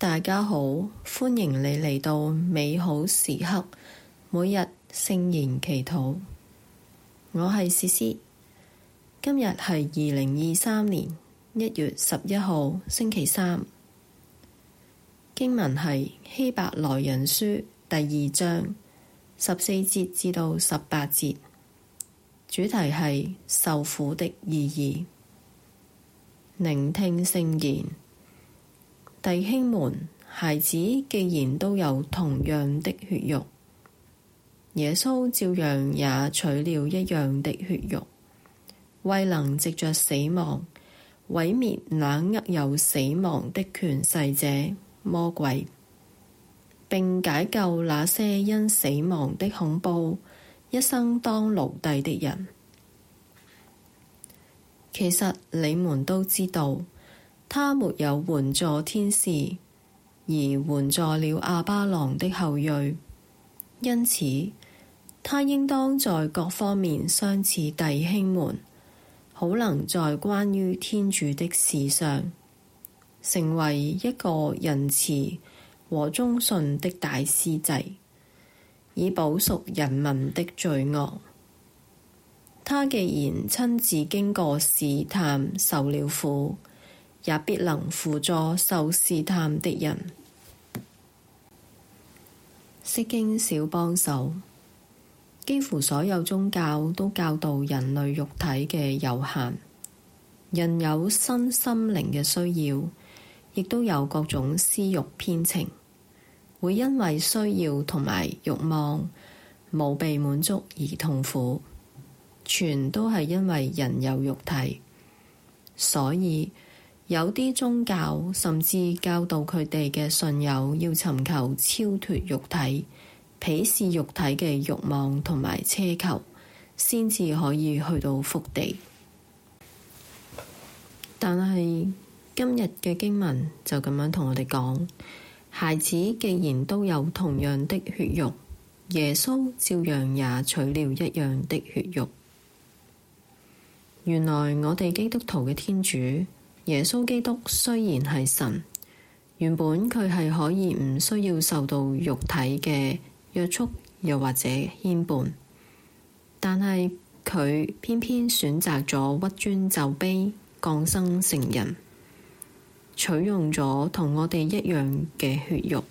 大家好，歡迎你嚟到美好時刻，每日聖言祈禱。我係詩詩，e, 今日係二零二三年一月十一號星期三。經文係希伯來人書第二章十四節至到十八節，主題係受苦的意義。聆聽聖言。弟兄們，孩子既然都有同樣的血肉，耶穌照樣也取了一樣的血肉，為能藉着死亡，毀滅那握有死亡的權勢者魔鬼，並解救那些因死亡的恐怖，一生當奴隸的人。其實你們都知道。他沒有援助天使，而援助了亞巴郎的後裔，因此他應當在各方面相似弟兄們，好能在關於天主的事上，成為一個仁慈和忠信的大司祭，以補贖人民的罪惡。他既然親自經過試探，受了苦。也必能輔助受試探的人。釋經小幫手，幾乎所有宗教都教導人類肉體嘅有限，人有身心靈嘅需要，亦都有各種私欲偏情，會因為需要同埋欲望冇被滿足而痛苦，全都係因為人有肉體，所以。有啲宗教甚至教導佢哋嘅信友要尋求超脫肉體，鄙視肉體嘅欲望同埋奢求，先至可以去到福地。但係今日嘅經文就咁樣同我哋講：孩子既然都有同樣的血肉，耶穌照樣也取了一樣的血肉。原來我哋基督徒嘅天主。耶穌基督雖然係神，原本佢係可以唔需要受到肉體嘅約束，又或者牽絆，但係佢偏偏選擇咗屈尊就卑，降生成人，取用咗同我哋一樣嘅血肉。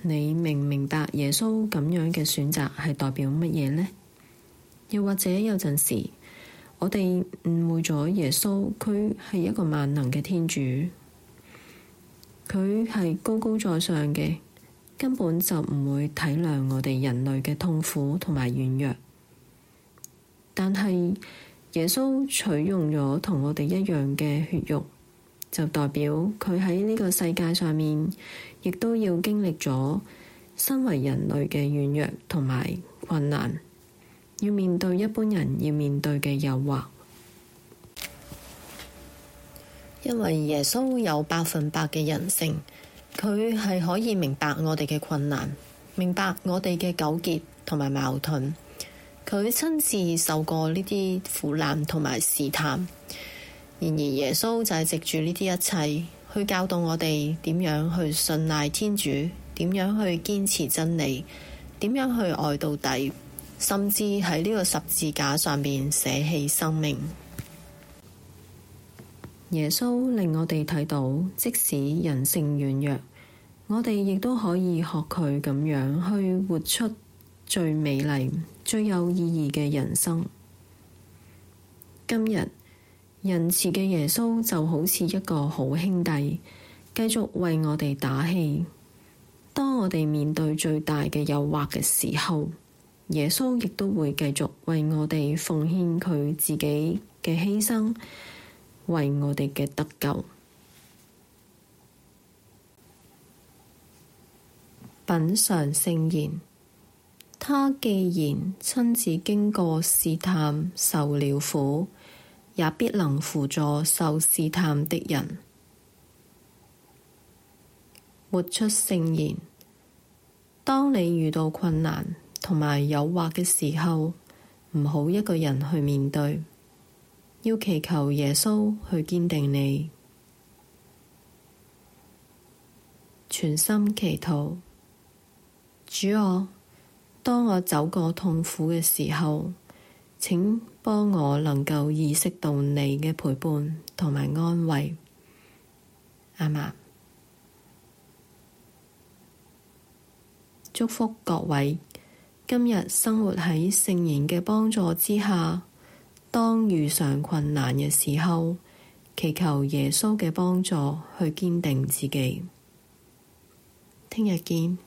你明唔明白耶穌咁樣嘅選擇係代表乜嘢呢？又或者有陣時，我哋誤會咗耶穌，佢係一個萬能嘅天主。佢係高高在上嘅，根本就唔會體諒我哋人類嘅痛苦同埋軟弱。但係耶穌取用咗同我哋一樣嘅血肉，就代表佢喺呢個世界上面，亦都要經歷咗身為人類嘅軟弱同埋困難。要面對一般人要面對嘅誘惑，因為耶穌有百分百嘅人性，佢係可以明白我哋嘅困難，明白我哋嘅糾結同埋矛盾，佢親自受過呢啲苦難同埋試探。然而耶穌就係藉住呢啲一切，去教導我哋點樣去信賴天主，點樣去堅持真理，點樣去愛到底。甚至喺呢個十字架上面捨棄生命，耶穌令我哋睇到，即使人性軟弱，我哋亦都可以學佢咁樣去活出最美麗、最有意義嘅人生。今日仁慈嘅耶穌就好似一個好兄弟，繼續為我哋打氣。當我哋面對最大嘅誘惑嘅時候，耶穌亦都會繼續為我哋奉獻佢自己嘅犧牲，為我哋嘅得救。品嚐聖言，他既然親自經過試探，受了苦，也必能扶助受試探的人。活出聖言，當你遇到困難同埋誘惑嘅時候，唔好一個人去面對，要祈求耶穌去堅定你，全心祈禱。主啊，當我走過痛苦嘅時候，請幫我能夠意識到你嘅陪伴同埋安慰。阿們祝福各位。今日生活喺聖言嘅幫助之下，當遇上困難嘅時候，祈求耶穌嘅幫助去堅定自己。聽日見。